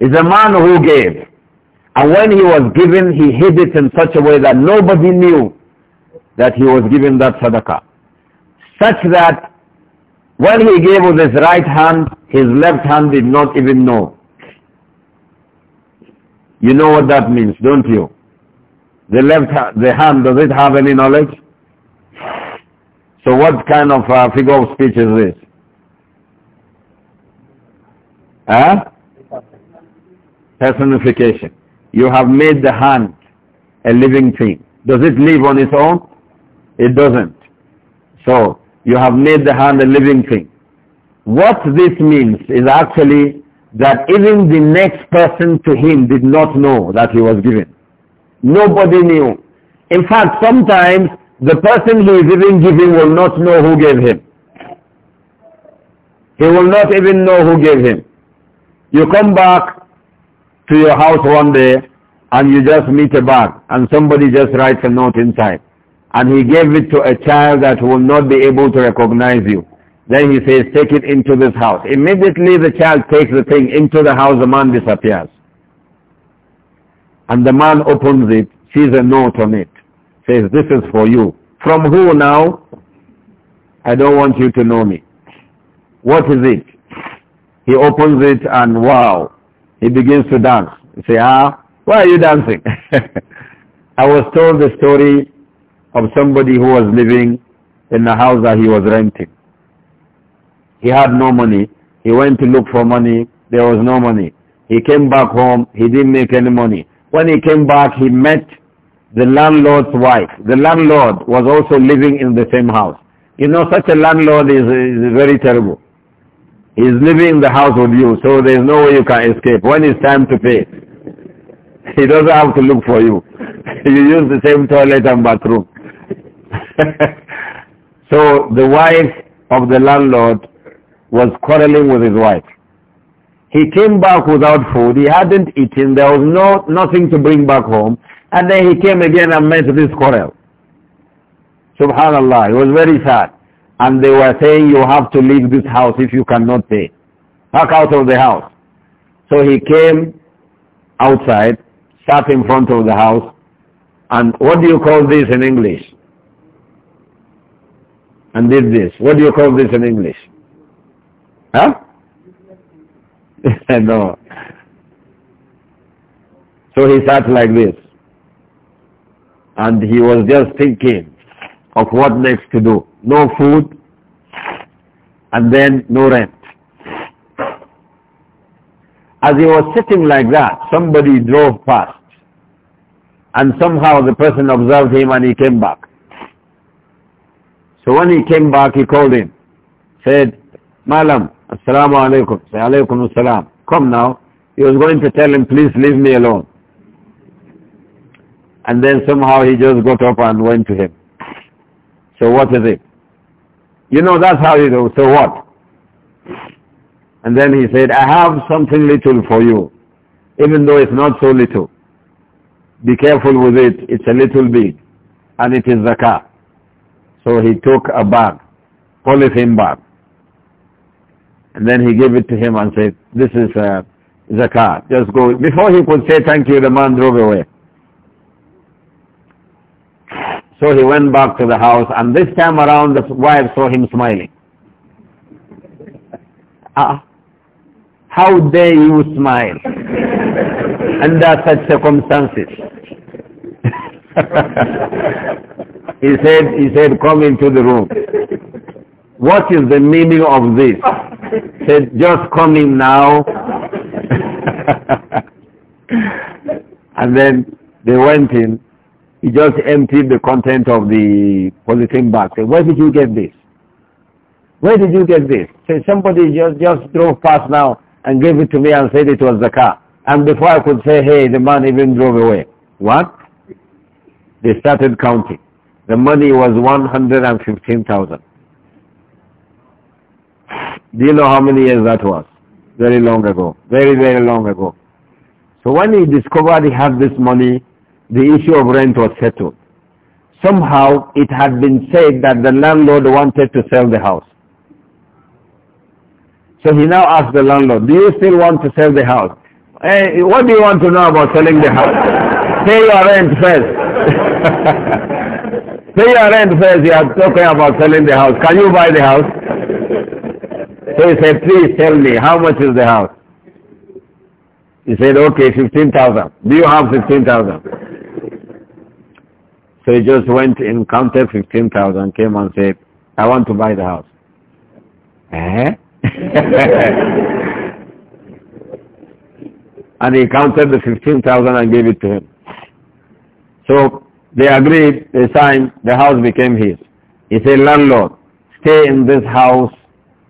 is a man who gave and when he was given he hid it in such a way that nobody knew that he was given that sadaqah. Such that when he gave with his right hand, his left hand did not even know. You know what that means, don't you? The left ha the hand, does it have any knowledge? So what kind of uh, figure of speech is this? Huh? Personification. You have made the hand a living thing. Does it live on its own? It doesn't. So you have made the hand a living thing. What this means is actually that even the next person to him did not know that he was given. Nobody knew. In fact, sometimes the person who is even giving will not know who gave him. He will not even know who gave him. You come back to your house one day and you just meet a bag and somebody just writes a note inside and he gave it to a child that will not be able to recognize you. Then he says, take it into this house. Immediately the child takes the thing into the house, the man disappears. And the man opens it, sees a note on it, says, this is for you. From who now? I don't want you to know me. What is it? He opens it and wow, he begins to dance. He say, ah, why are you dancing? [LAUGHS] I was told the story of somebody who was living in a house that he was renting. He had no money. He went to look for money. There was no money. He came back home. He didn't make any money. When he came back, he met the landlord's wife. The landlord was also living in the same house. You know, such a landlord is, is very terrible. He's living in the house with you, so there's no way you can escape. When it's time to pay, [LAUGHS] he doesn't have to look for you. [LAUGHS] you use the same toilet and bathroom. [LAUGHS] so the wife of the landlord was quarreling with his wife. He came back without food. He hadn't eaten. There was no nothing to bring back home. And then he came again and met this quarrel. Subhanallah. It was very sad. And they were saying, you have to leave this house if you cannot pay. Back out of the house. So he came outside, sat in front of the house, and what do you call this in English? and did this. What do you call this in English? Huh? [LAUGHS] no. So he sat like this. And he was just thinking of what next to do. No food and then no rent. As he was sitting like that, somebody drove past. And somehow the person observed him and he came back. So when he came back, he called him, said, Malam, assalamu alaikum. Say, alaikum assalam. Come now. He was going to tell him, please leave me alone. And then somehow he just got up and went to him. So what is it? You know, that's how you do. So what? And then he said, I have something little for you, even though it's not so little. Be careful with it. It's a little bit. And it is zakah. So he took a bag, polythene bag, and then he gave it to him and said, this is uh, zakat, just go. Before he could say thank you, the man drove away. So he went back to the house and this time around the wife saw him smiling. [LAUGHS] Ah, how dare you smile [LAUGHS] under such circumstances? [LAUGHS] He said, he said, come into the room. What is the meaning of this? He said, just come in now. [LAUGHS] and then they went in. He just emptied the content of the polythene bag. Said, where did you get this? Where did you get this? Said, somebody just, just drove past now and gave it to me and said it was the car. And before I could say, hey, the man even drove away. What? They started counting. The money was 115,000. Do you know how many years that was? Very long ago. Very, very long ago. So when he discovered he had this money, the issue of rent was settled. Somehow it had been said that the landlord wanted to sell the house. So he now asked the landlord, do you still want to sell the house? Hey, eh, what do you want to know about selling the house? [LAUGHS] Pay your rent first. [LAUGHS] Pay your rent first, you are talking about selling the house. Can you buy the house? So he said, please tell me, how much is the house? He said, okay, 15,000. Do you have 15,000? So he just went and counted 15,000, came and said, I want to buy the house. Eh? [LAUGHS] and he counted the 15,000 and gave it to him. So they agreed, they signed, the house became his. He said, landlord, stay in this house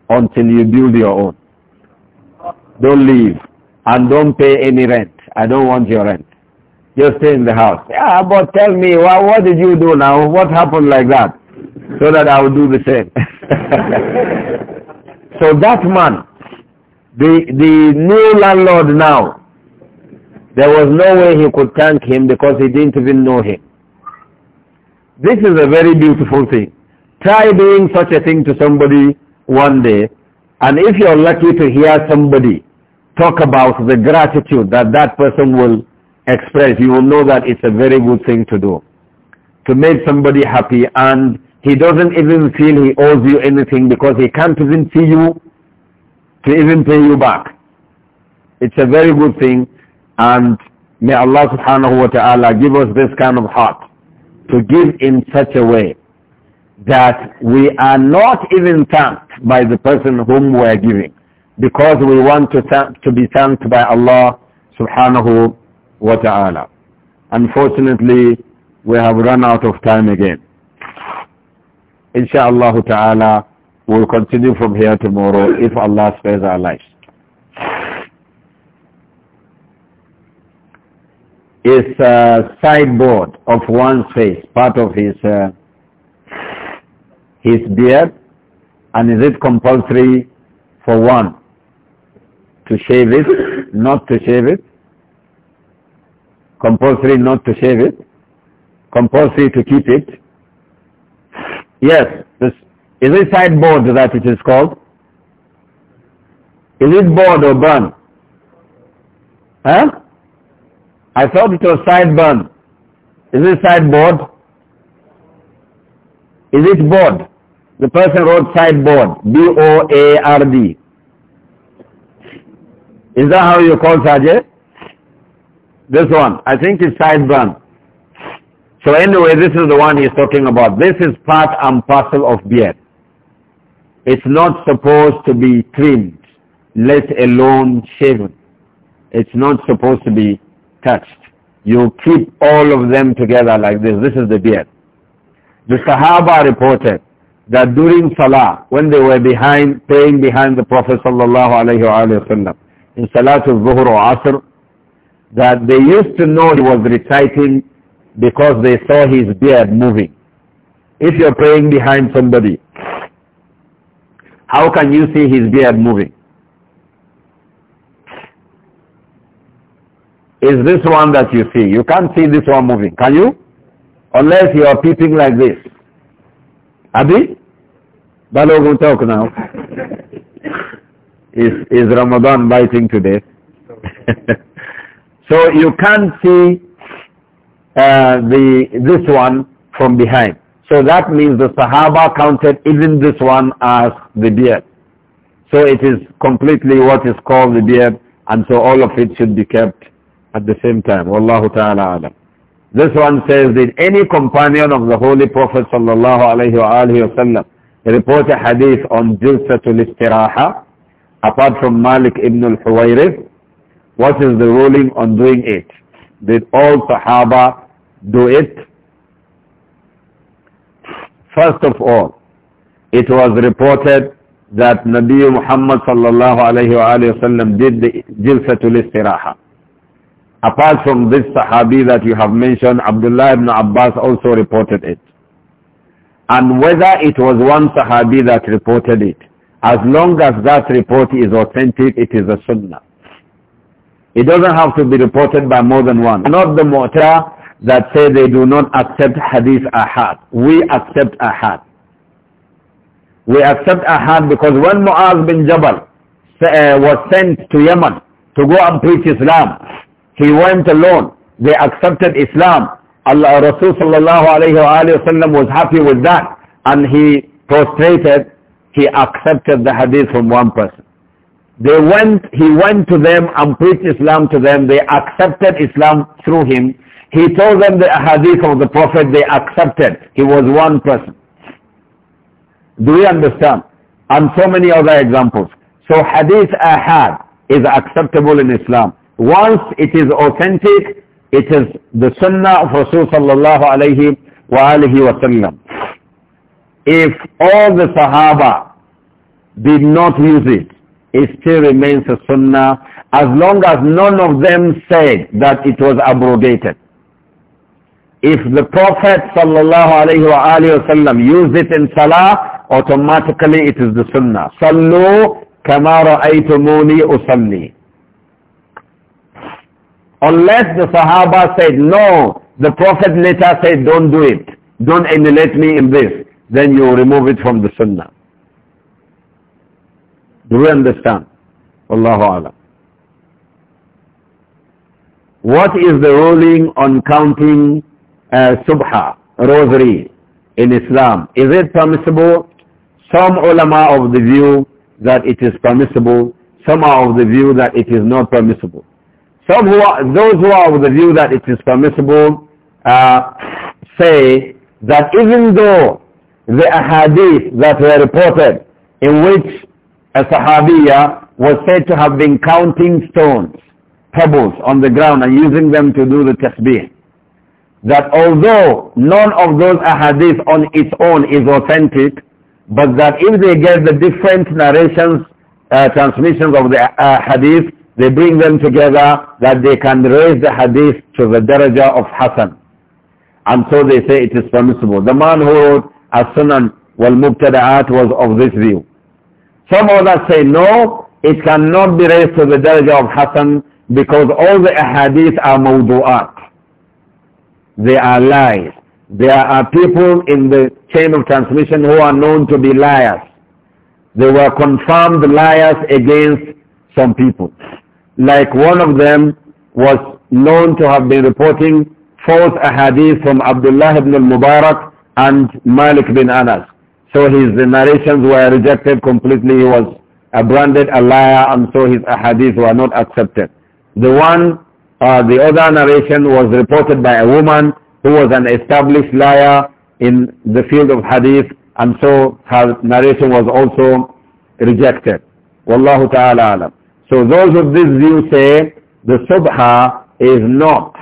until you build your own. Don't leave and don't pay any rent. I don't want your rent. Just stay in the house. Yeah, but tell me, what, what did you do now? What happened like that? So that I will do the same. [LAUGHS] so that man, the, the new landlord now, there was no way he could thank him because he didn't even know him. This is a very beautiful thing. Try doing such a thing to somebody one day, and if you're lucky to hear somebody talk about the gratitude that that person will express, you will know that it's a very good thing to do. To make somebody happy and he doesn't even feel he owes you anything because he can't even see you to even pay you back. It's a very good thing and may Allah subhanahu wa ta'ala give us this kind of heart to give in such a way that we are not even thanked by the person whom we are giving because we want to, thank, to be thanked by Allah subhanahu wa ta'ala. Unfortunately, we have run out of time again. Inshallah ta'ala, we'll continue from here tomorrow if Allah spares our lives. is uh, sideboard of one's face, part of his uh, his beard, and is it compulsory for one to shave it, not to shave it? Compulsory not to shave it? Compulsory to keep it? Yes, this, is it sideboard that it is called? Is it board or bun? Huh? I thought it was sideburn. Is it sideboard? Is it board? The person wrote sideboard. B-O-A-R-D. Is that how you call Sajay? This one. I think it's sideburn. So anyway, this is the one he's talking about. This is part and parcel of beard. It's not supposed to be trimmed, let alone shaven. It's not supposed to be touched. You keep all of them together like this. This is the beard. The Sahaba reported that during Salah, when they were behind, praying behind the Prophet sallallahu alayhi wa sallam, in Salatul Zuhur or Asr, that they used to know he was reciting because they saw his beard moving. If you're praying behind somebody, how can you see his beard moving? is this one that you see. You can't see this one moving, can you? Unless you are peeping like this. Abi? Balogun talk now. [LAUGHS] is, is Ramadan biting today? [LAUGHS] so you can't see uh, the, this one from behind. So that means the Sahaba counted even this one as the beard. So it is completely what is called the beard and so all of it should be kept at the same time. Wallahu ta'ala alam. This one says, did any companion of the Holy Prophet sallallahu alayhi wa alayhi wa sallam report a hadith on Jilsatul Istiraha apart from Malik ibn al-Huwayrith? What is the ruling on doing it? Did all Sahaba do it? First of all, it was reported that Nabi Muhammad sallallahu alayhi wa sallam did the Jilsatul Istiraha. Apart from this Sahabi that you have mentioned, Abdullah ibn Abbas also reported it. And whether it was one Sahabi that reported it, as long as that report is authentic, it is a Sunnah. It doesn't have to be reported by more than one. Not the Mu'tah that say they do not accept Hadith Ahad. We accept Ahad. We accept Ahad because when Mu'az bin Jabal uh, was sent to Yemen to go and preach Islam, he went alone. They accepted Islam. Allah Rasul sallallahu alayhi wa was happy with that. And he prostrated, he accepted the hadith from one person. They went, he went to them and preached Islam to them. They accepted Islam through him. He told them the hadith of the Prophet, they accepted. He was one person. Do we understand? And so many other examples. So hadith ahad is acceptable in Islam. Once it is authentic, it is the sunnah of Rasulullah sallallahu alayhi wa alihi wa sallam. If all the Sahaba did not use it, it still remains a sunnah as long as none of them said that it was abrogated. If the Prophet sallallahu alayhi wa alihi wa sallam used it in salah, automatically it is the sunnah. Sallu kama ra'aytumuni usalli. Unless the Sahaba said, no, the Prophet later said, don't do it. Don't emulate me in this. Then you remove it from the Sunnah. Do we understand? Allahu Alam. What is the ruling on counting uh, subha, rosary in Islam? Is it permissible? Some ulama of the view that it is permissible, some are of the view that it is not permissible. Some who are, those who are with the view that it is permissible uh, say that even though the ahadith that were reported in which a sahabiya was said to have been counting stones, pebbles on the ground and using them to do the tasbih, that although none of those ahadith on its own is authentic, but that if they get the different narrations, uh, transmissions of the uh, hadith, they bring them together that they can raise the hadith to the daraja of Hassan. And so they say it is permissible. The man who wrote As-Sunan wal-Mubtada'at was of this view. Some others say no, it cannot be raised to the daraja of Hassan because all the hadiths are mawdu'at. They are lies. There are people in the chain of transmission who are known to be liars. They were confirmed liars against some people like one of them was known to have been reporting false ahadith from Abdullah ibn al-Mubarak and Malik bin Anas. So his narrations were rejected completely. He was branded a liar and so his ahadith were not accepted. The one, uh, the other narration was reported by a woman who was an established liar in the field of hadith and so her narration was also rejected. Wallahu ta'ala alam. So those of this view say the subha is not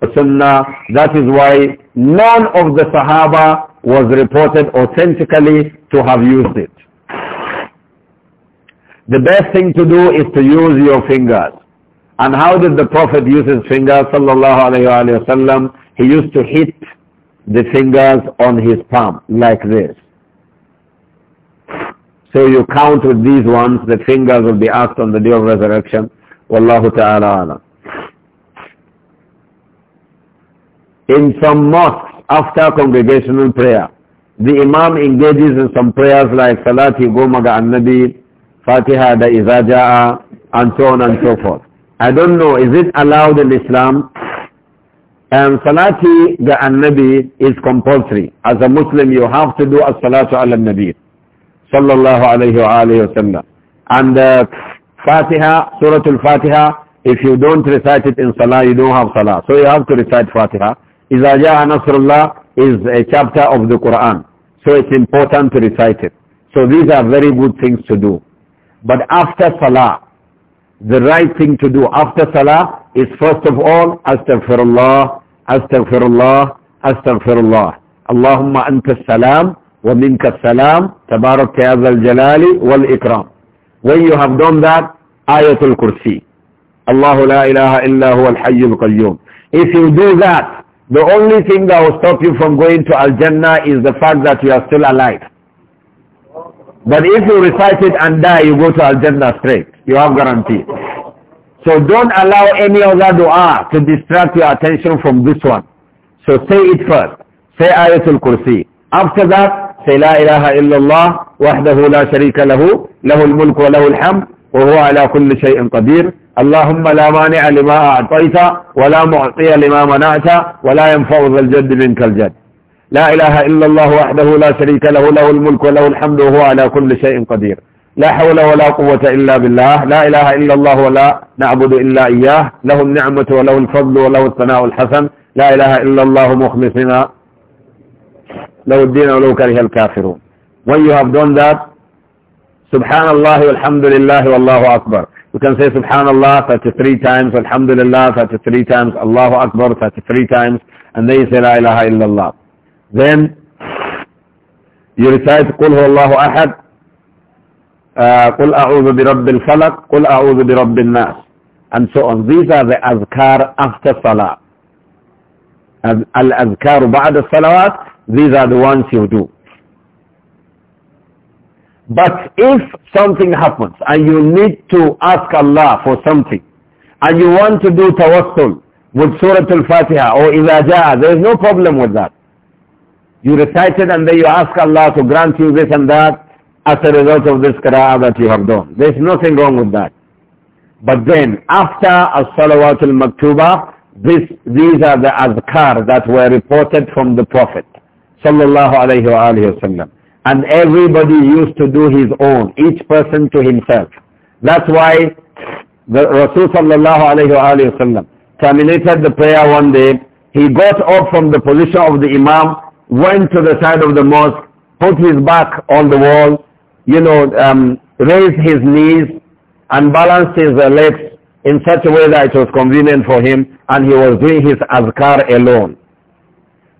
a sunnah. That is why none of the Sahaba was reported authentically to have used it. The best thing to do is to use your fingers. And how did the Prophet use his fingers? Sallallahu alayhi wa He used to hit the fingers on his palm like this. So you count with these ones that fingers will be asked on the day of resurrection. Wallahu ta'ala In some mosques, after congregational prayer, the Imam engages in some prayers like Salati Gomaga an Nabi, Fatiha da Izaja'a, and so on and so forth. I don't know, is it allowed in Islam? Um, Salati ga Nabi is compulsory. As a Muslim, you have to do as Salatu al Nabi sallallahu alayhi wa alayhi wa sallam. And uh, Fatiha, Surah Al-Fatiha, if you don't recite it in Salah, you don't have Salah. So you have to recite Fatiha. إِذَا جَاءَ is a chapter of the Quran. So it's important to recite it. So these are very good things to do. But after Salah, the right thing to do after Salah is first of all, Astaghfirullah, Astaghfirullah, Astaghfirullah. Allahumma anta salam وَمِنْكَ السَّلَامُ تَبَارَكْ يَا الْجَلَالِ وَالْإِكْرَامِ When you have done that, Ayatul Kursi. Allah la ilaha illa huwa al-hayyul qayyum. If you do that, the only thing that will stop you from going to Al-Jannah is the fact that you are still alive. But if you recite it and die, you go to Al-Jannah straight. You have guarantee. So don't allow any other dua to distract your attention from this one. So say it first. Say Ayatul Kursi. After that, في لا إله إلا الله وحده لا شريك له له الملك وله الحمد وهو على كل شيء قدير اللهم لا مانع لما أعطيت ولا معطي لما منعت ولا ينفع ذا الجد منك الجد لا إله إلا الله وحده لا شريك له له الملك وله الحمد وهو على كل شيء قدير لا حول ولا قوة إلا بالله لا إله إلا الله ولا نعبد إلا إياه له النعمة وله الفضل وله الثناء الحسن لا إله إلا الله مخلصنا لو الدين ولو كره الكافرون when you have done that subhanallah لله والله أكبر you can say subhanallah 33 times alhamdulillah 33 times الله أكبر 33 times and then you say la ilaha illallah then you recite قل هو الله أحد قل أعوذ برب الفلق قل أعوذ برب الناس and so on these are the أذكار after salah al بعد الصلوات these are the ones you do. But if something happens and you need to ask Allah for something and you want to do tawassul with Surah Al-Fatiha or Iza Ja'a, there is no problem with that. You recite it and then you ask Allah to grant you this and that as a result of this qira'ah that you have done. There is nothing wrong with that. But then after As-Salawat al this these are the azkar that were reported from the Prophet sallallahu alayhi wa alayhi wa And everybody used to do his own, each person to himself. That's why the Rasul sallallahu alayhi wa alayhi wa terminated the prayer one day. He got up from the position of the imam, went to the side of the mosque, put his back on the wall, you know, um, raised his knees and balanced his legs in such a way that it was convenient for him and he was doing his azkar alone.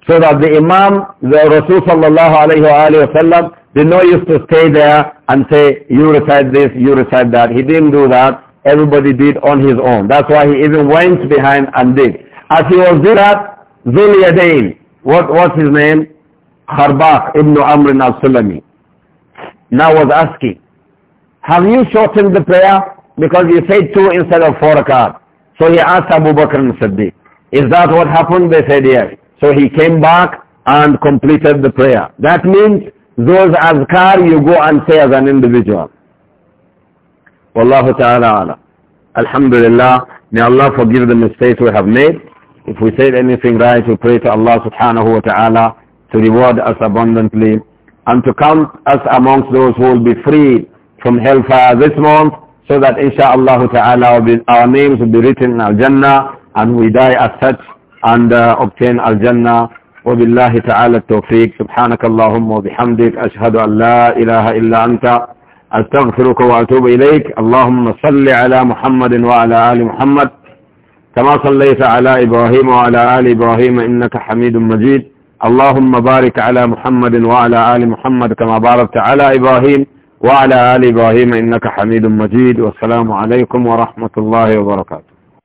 So that the Imam, the Rasul sallallahu alayhi wa sallam, did not used to stay there and say, you recite this, you recite that. He didn't do that. Everybody did on his own. That's why he even went behind and did. As he was doing that, Zul what, what's his name? Kharbaq ibn Amr al-Sulami. Now was asking, have you shortened the prayer? Because you said two instead of four rakat. So he asked Abu Bakr and Siddiq, is that what happened? They said yes. So he came back and completed the prayer. That means those azkar you go and say as an individual. Wallahu ta'ala ala. Alhamdulillah. May Allah forgive the mistakes we have made. If we said anything right, we pray to Allah subhanahu wa ta'ala to reward us abundantly and to count us amongst those who will be free from hellfire this month so that inshaAllah ta'ala our names will be written in Al-Jannah and we die as such and uh, obtain al-jannah وبالله تعالى التوفيق سبحانك اللهم وبحمدك أشهد أن لا إله إلا أنت أستغفرك وأتوب إليك اللهم صل على محمد وعلى آل محمد كما صليت على إبراهيم وعلى آل إبراهيم إنك حميد مجيد اللهم بارك على محمد وعلى آل محمد كما باركت على إبراهيم وعلى آل إبراهيم إنك حميد مجيد والسلام عليكم ورحمة الله وبركاته